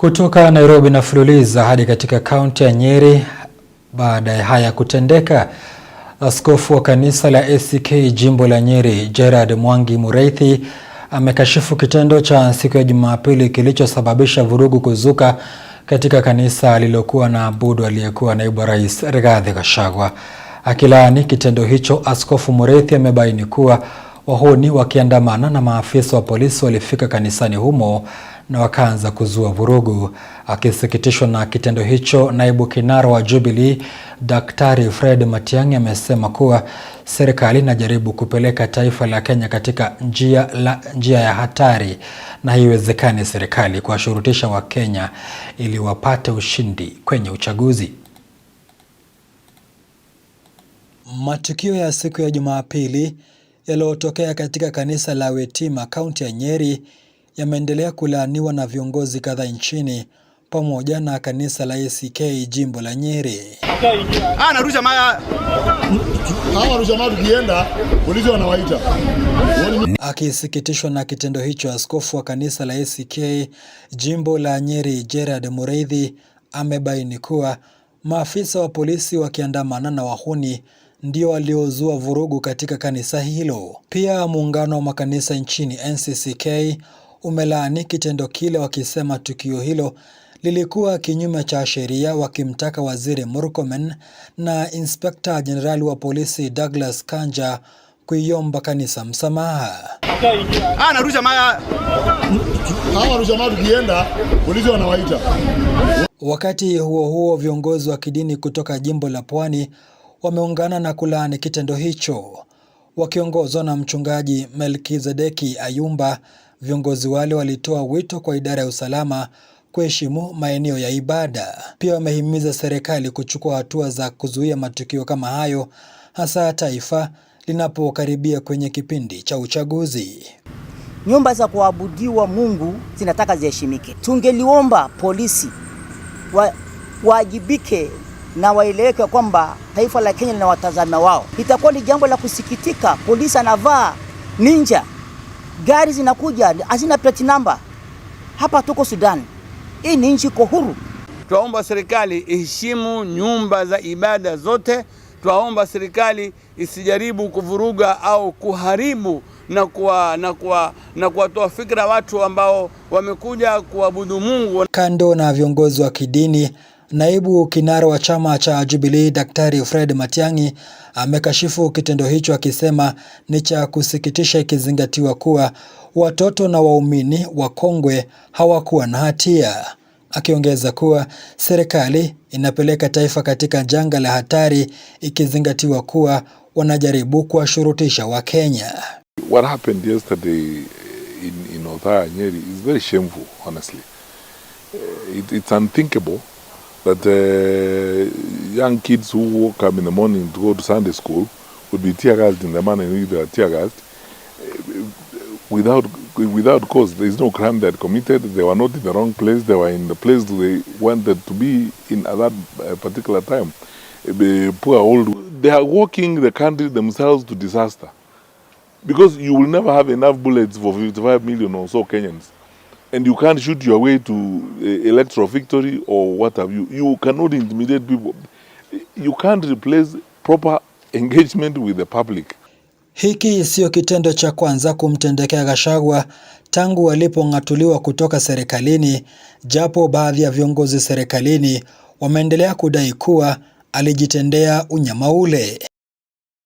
Kutoka Nairobi na fululiza hadi katika kaunti ya Nyeri. Baada ya haya kutendeka, askofu wa kanisa la ACK jimbo la Nyeri Gerard Mwangi Mureithi amekashifu kitendo cha siku ya Jumapili kilichosababisha vurugu kuzuka katika kanisa alilokuwa na abudu aliyekuwa naibu rais Rigathi Gachagua. Akilaani kitendo hicho, askofu Mureithi amebaini kuwa wahuni wakiandamana na maafisa wa polisi walifika kanisani humo na wakaanza kuzua vurugu. Akisikitishwa na kitendo hicho, naibu kinara wa Jubilee Daktari Fred Matiang'i amesema kuwa serikali inajaribu kupeleka taifa la Kenya katika njia, la, njia ya hatari na haiwezekani serikali kuwashurutisha Wakenya ili wapate ushindi kwenye uchaguzi. Matukio ya siku ya Jumapili yaliyotokea katika kanisa la Wetima, kaunti ya Nyeri yameendelea kulaaniwa na viongozi kadhaa nchini pamoja na kanisa la ACK jimbo la Nyeri. Ah, maya. maya tukienda polisi wanawaita. Akisikitishwa na kitendo hicho, askofu wa kanisa la ACK jimbo la Nyeri Gerard Mureithi amebaini kuwa maafisa wa polisi wakiandamana na wahuni ndio waliozua vurugu katika kanisa hilo. Pia muungano wa makanisa nchini NCCK umelaani kitendo kile wakisema tukio hilo lilikuwa kinyume cha sheria, wakimtaka Waziri Murkomen na Inspekta Jenerali wa Polisi Douglas Kanja kuiomba kanisa msamaha. Wakati huo huo, viongozi wa kidini kutoka jimbo la Pwani wameungana na kulaani kitendo hicho wakiongozwa na Mchungaji Melkizedeki Ayumba Viongozi wale walitoa wito kwa idara ya usalama kuheshimu maeneo ya ibada. Pia wamehimiza serikali kuchukua hatua za kuzuia matukio kama hayo, hasa taifa linapokaribia kwenye kipindi cha uchaguzi. Nyumba za kuabudiwa Mungu zinataka ziheshimike. Tungeliomba polisi wa, waajibike na waeleweke kwamba taifa la Kenya lina watazama wao. Itakuwa ni jambo la kusikitika, polisi anavaa ninja gari zinakuja hazina plate number. Hapa tuko Sudan, hii ni nchi iko huru. Twaomba serikali iheshimu nyumba za ibada zote. Twaomba serikali isijaribu kuvuruga au kuharibu na kuwatoa na kuwa, na kuwa fikra watu ambao wamekuja kuabudu Mungu. Kando na viongozi wa kidini Naibu kinara wa chama cha Jubilee Daktari Fred Matiang'i amekashifu kitendo hicho akisema ni cha kusikitisha ikizingatiwa kuwa watoto na waumini wakongwe hawakuwa na hatia, akiongeza kuwa serikali inapeleka taifa katika janga la hatari ikizingatiwa kuwa wanajaribu kuwashurutisha Wakenya. What happened yesterday in, in Othaya, Nyeri is very shameful honestly. Eh, it, it's unthinkable. that uh, young kids who woke up in the morning to go to Sunday school would be tear gassed in the morning in they tear gassed uh, without, without cause. There is no crime they had committed. They were not in the wrong place. They were in the place they wanted to be in at that uh, particular time. The poor old. They are walking the country themselves to disaster because you will never have enough bullets for 55 million or so Kenyans. and you can't shoot your way to uh, electoral victory or what have you. You cannot intimidate people. You can't replace proper engagement with the public. Hiki siyo kitendo cha kwanza kumtendekea Gachagua tangu alipong'atuliwa kutoka serikalini, japo baadhi ya viongozi serikalini wameendelea kudai kuwa alijitendea unyama ule.